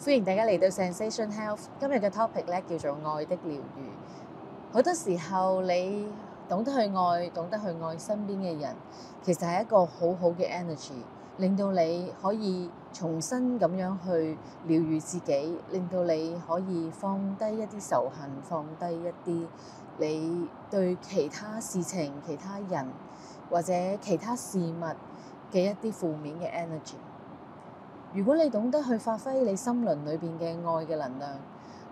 歡迎大家嚟到 Sensation Health。今日嘅 topic 咧叫做愛的療癒。好多時候你懂得去愛，懂得去愛身邊嘅人，其實係一個好好嘅 energy，令到你可以重新咁樣去療癒自己，令到你可以放低一啲仇恨，放低一啲你對其他事情、其他人或者其他事物嘅一啲負面嘅 energy。如果你懂得去發揮你心輪裏邊嘅愛嘅能量，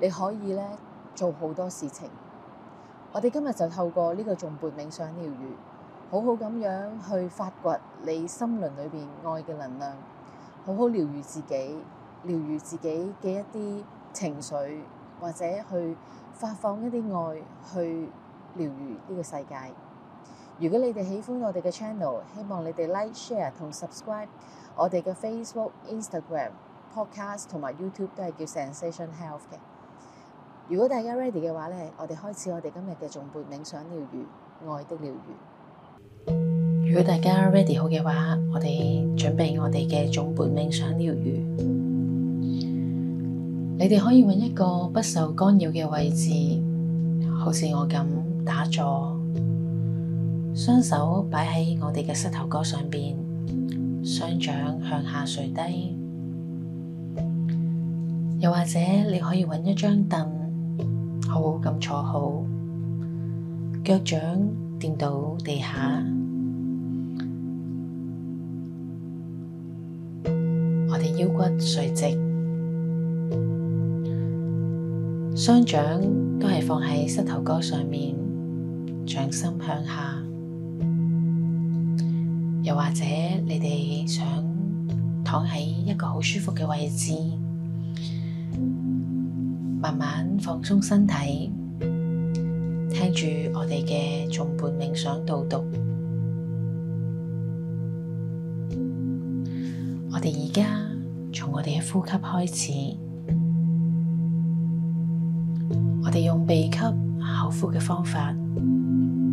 你可以咧做好多事情。我哋今日就透過呢個頌缽冥想療癒，好好咁樣去發掘你心輪裏邊愛嘅能量，好好療癒自己，療癒自己嘅一啲情緒，或者去發放一啲愛去療癒呢個世界。如果你哋喜歡我哋嘅 channel，希望你哋 like、share 同 subscribe。我哋嘅 Facebook、Instagram、Podcast 同埋 YouTube 都係叫 Zensation Health 嘅。如果大家 ready 嘅話咧，我哋開始我哋今日嘅頌缽冥想療癒，愛的療癒。如果大家 ready 好嘅話，我哋準備我哋嘅頌缽冥想療癒。你哋可以搵一個不受干擾嘅位置，好似我咁打坐，雙手擺喺我哋嘅膝頭哥上邊。雙掌向下垂低，又或者你可以搵一張凳，好好咁坐好，腳掌掂到地下，我哋腰骨垂直，雙掌都係放喺膝頭哥上面，掌心向下。又或者你哋想躺喺一個好舒服嘅位置，慢慢放鬆身體，聽住我哋嘅頌缽冥想導讀。我哋而家從我哋嘅呼吸開始，我哋用鼻吸口呼嘅方法，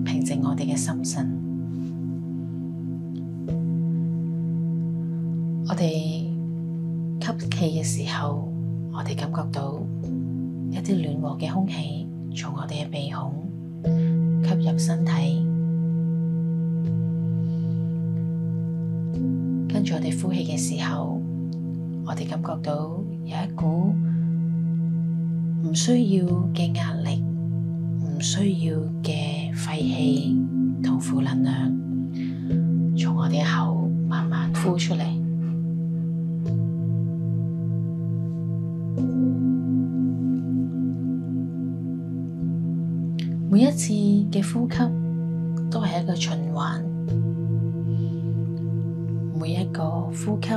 平靜我哋嘅心神。我哋吸氣嘅時候，我哋感覺到一啲暖和嘅空氣從我哋嘅鼻孔吸入身體。跟住我哋呼氣嘅時候，我哋感覺到有一股唔需要嘅壓力、唔需要嘅廢氣同負能量從我哋嘅口慢慢呼出嚟。每一次嘅呼吸都係一個循環，每一個呼吸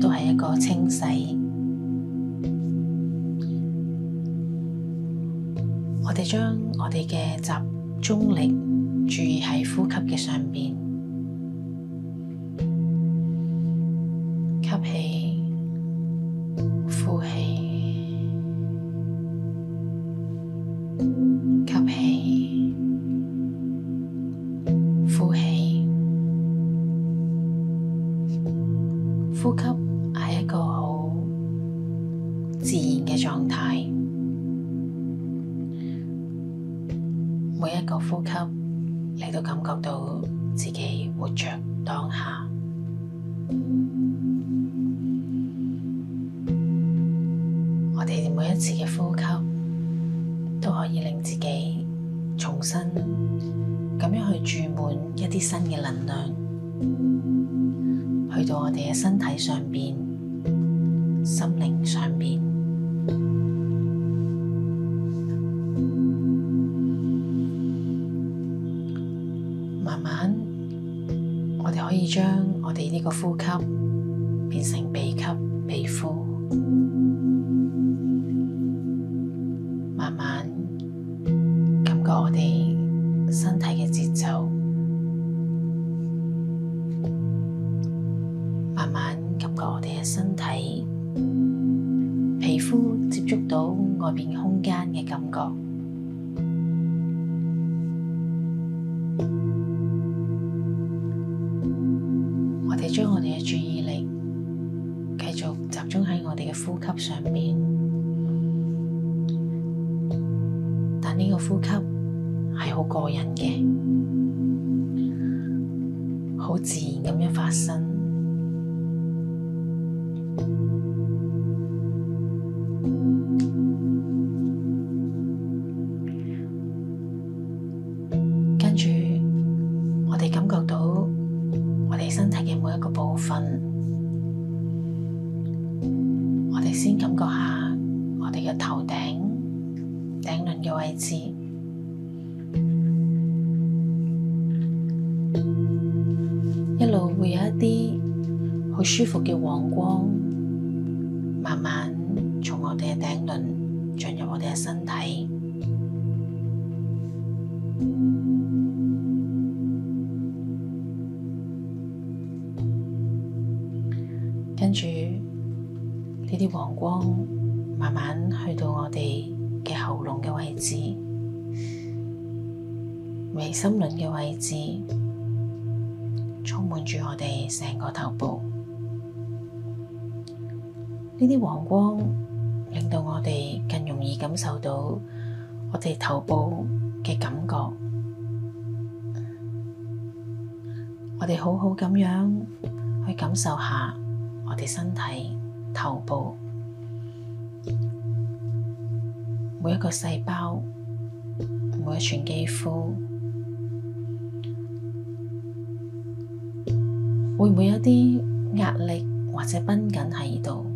都係一個清洗。我哋將我哋嘅集中力注意喺呼吸嘅上面。呼吸係一個好自然嘅狀態，每一個呼吸，你都感覺到自己活在當下。我哋每一次嘅呼吸，都可以令自己重新咁樣去注滿一啲新嘅能量。到我哋嘅身體上面，心靈上面，慢慢我哋可以將我哋呢個呼吸變成鼻吸鼻呼。我哋嘅呼吸上面，但呢個呼吸係好過癮嘅，好自然咁樣發生。先感覺下我哋嘅頭頂頂輪嘅位置， 一路會有一啲好舒服嘅黃光，慢慢從我哋嘅頂輪進入我哋嘅身體。光慢慢去到我哋嘅喉嚨嘅位置，眉心輪嘅位置，充滿住我哋成個頭部。呢啲黃光令到我哋更容易感受到我哋頭部嘅感覺。我哋好好咁樣去感受下我哋身體、頭部。每一個細胞，每一寸肌膚，會唔會有一啲壓力或者繃緊喺呢度？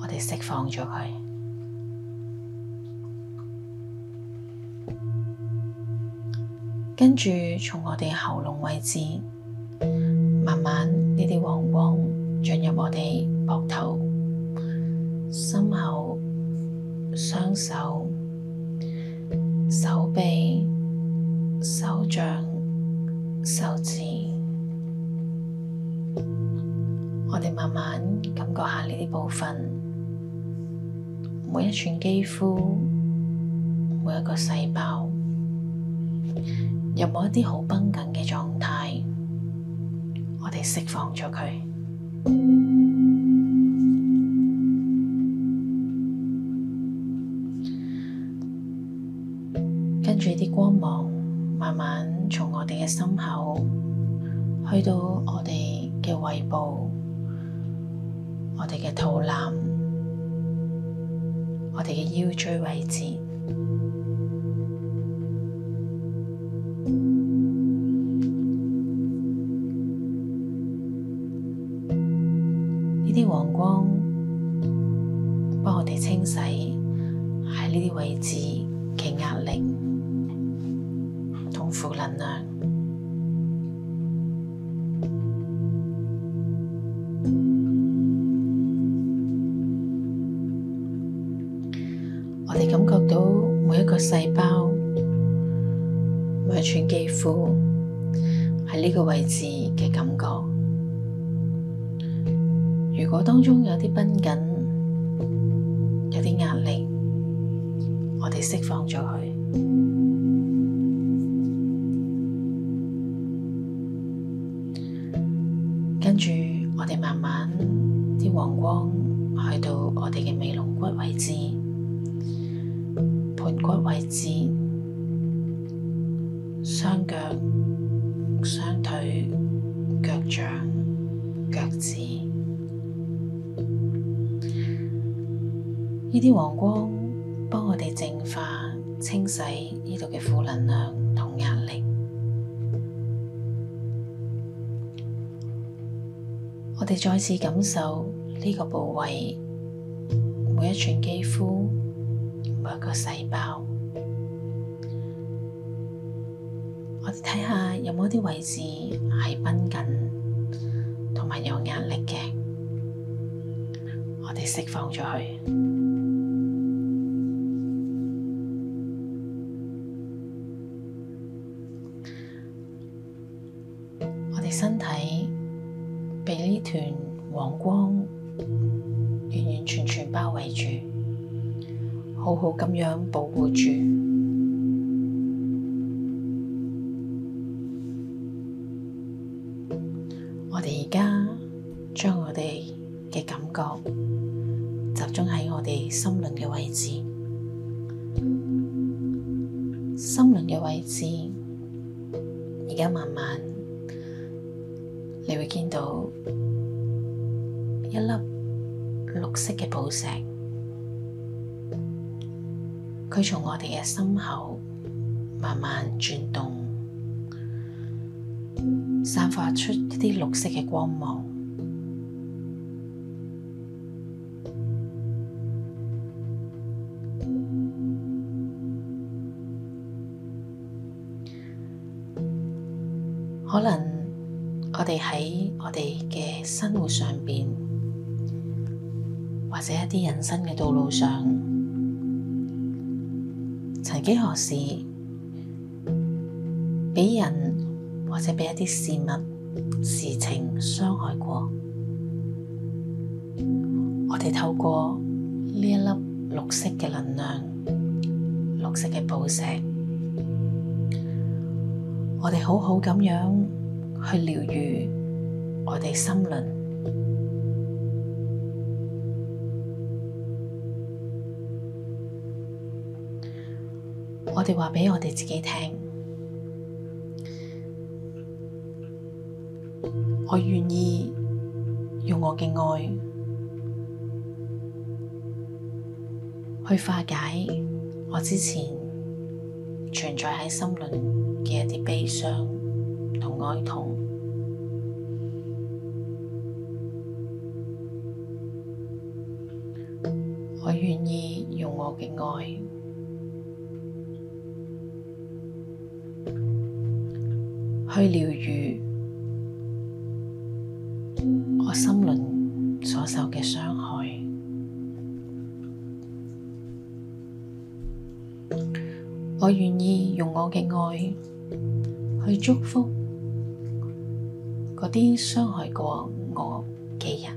我哋釋放咗佢，跟住從我哋喉嚨位置，慢慢呢啲黃光進入我哋膊頭、心口。手、手臂、手掌、手指，我哋慢慢感覺下呢啲部分，每一寸肌膚、每一個細胞，有冇一啲好繃緊嘅狀態？我哋釋放咗佢。光芒慢慢從我哋嘅心口去到我哋嘅胃部、我哋嘅肚腩、我哋嘅腰椎位置，呢啲黃光幫我哋清洗喺呢啲位置嘅壓力、負能量我哋感覺到每一個細胞、每一寸肌膚喺呢個位置嘅感覺。如果當中有啲繃緊、有啲壓力，我哋釋放咗佢。字、盤骨位置、雙腳、雙腿、腳掌、腳趾，呢啲黃光幫我哋淨化、清洗呢度嘅負能量同壓力。我哋再次感受呢個部位。每一寸肌膚，每一個細胞，我哋睇下有冇啲位置係繃緊，同埋有壓力嘅，我哋釋放出去。好好咁樣保護住。我哋而家將我哋嘅感覺集中喺我哋心輪嘅位置。心輪嘅位置，而家慢慢你會見到一粒綠色嘅寶石。會從我哋嘅心口慢慢轉動，散發出一啲綠色嘅光芒。可能我哋喺我哋嘅生活上邊，或者一啲人生嘅道路上。幾何時，畀人或者畀一啲事物、事情傷害過？我哋透過呢一粒綠色嘅能量、綠色嘅寶石，我哋好好咁樣去療癒我哋心輪。我話俾我哋自己聽，我願意用我嘅愛去化解我之前存在喺心輪嘅一啲悲傷同哀痛。我願意用我嘅愛。去療癒我心輪所受嘅傷害，我願意用我嘅愛去祝福嗰啲傷害過我嘅人，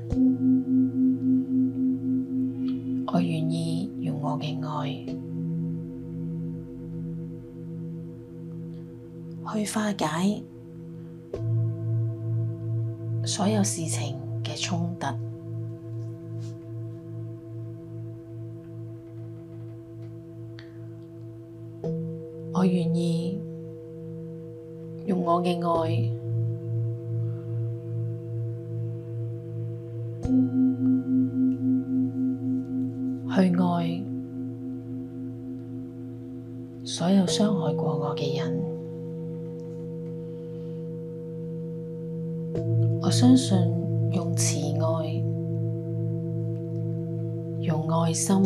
我願意用我嘅愛。去化解所有事情嘅衝突，我願意用我嘅愛去愛所有傷害過我嘅人。我相信用慈愛，用愛心。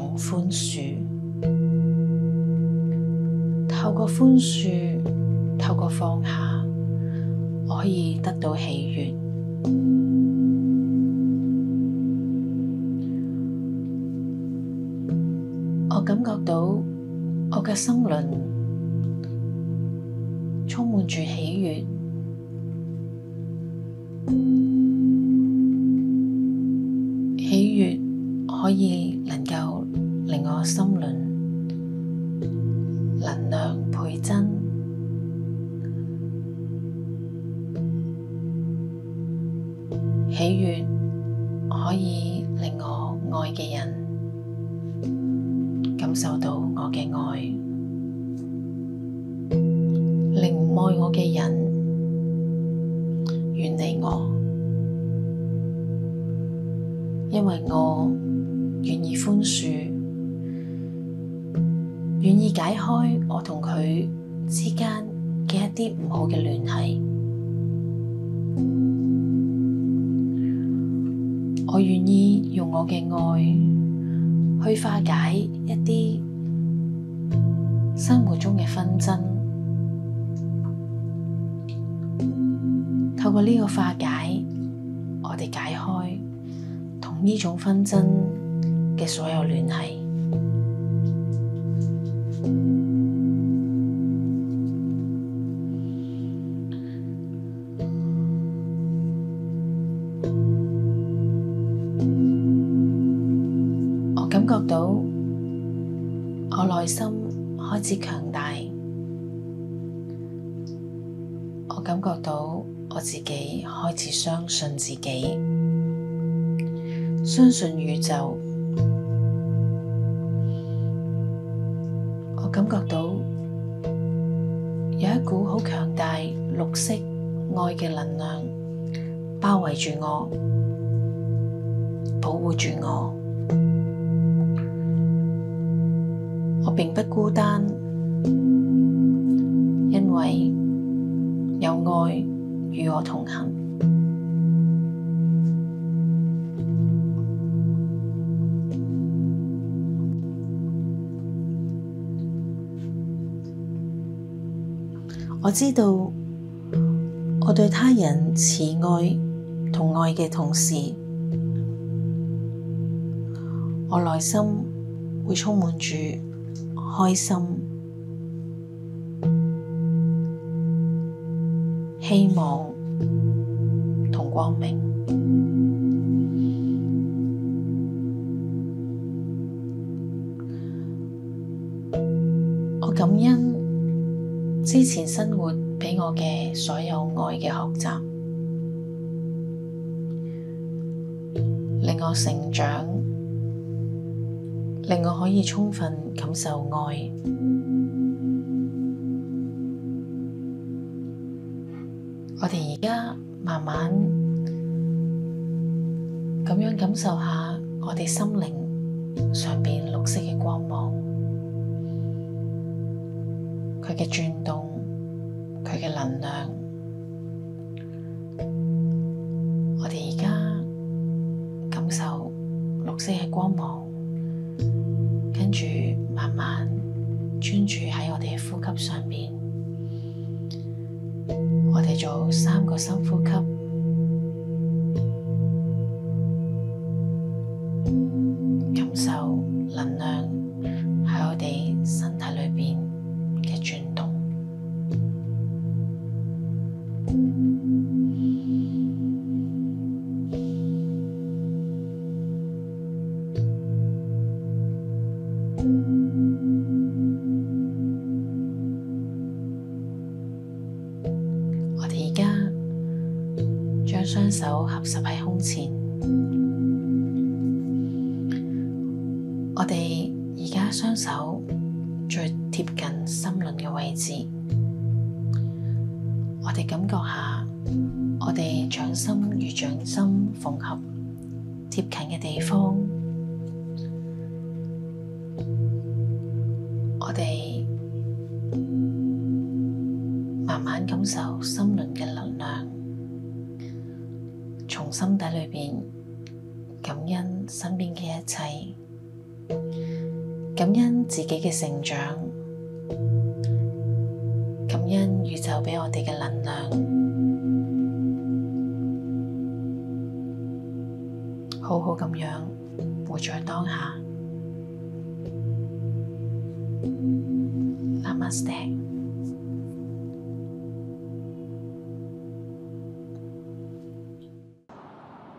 用寬恕，透過寬恕，透過放下，我可以得到喜悅。我感覺到我嘅心輪充滿住喜悅。喜悅可以令我愛嘅人感受到我嘅愛，令唔愛我嘅人遠離我，因為我願意寬恕，願意解開我同佢之間嘅一啲唔好嘅聯繫。我願意用我嘅愛去化解一啲生活中嘅紛爭，透過呢個化解，我哋解開同呢種紛爭嘅所有聯繫。我感覺到我自己開始相信自己，相信宇宙。我感覺到有一股好強大綠色愛嘅能量包圍住我，保護住我。我並不孤單。我知道，我對他人慈愛同愛嘅同時，我內心會充滿住開心、希望同光明。之前生活畀我嘅所有愛嘅學習，令我成長，令我可以充分感受愛。我哋而家慢慢咁樣感受下，我哋心靈上面綠色嘅光芒。佢嘅轉動，佢嘅能量，我哋而家感受綠色嘅光芒，跟住慢慢專注喺我哋嘅呼吸上面。我哋做三個深呼吸。手合十喺胸前，我哋而家雙手最貼近心輪嘅位置，我哋感覺下，我哋掌心與掌心縫合貼近嘅地方，我哋慢慢感受心輪嘅力。從心底裏邊感恩身邊嘅一切，感恩自己嘅成長，感恩宇宙畀我哋嘅能量，好好咁樣活在當下。Namaste。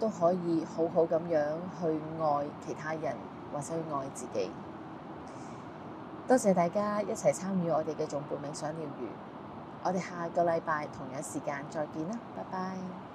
都可以好好咁樣去愛其他人，或者去愛自己。多謝大家一齊參與我哋嘅頌缽冥想療癒。我哋下個禮拜同樣時間再見啦，拜拜。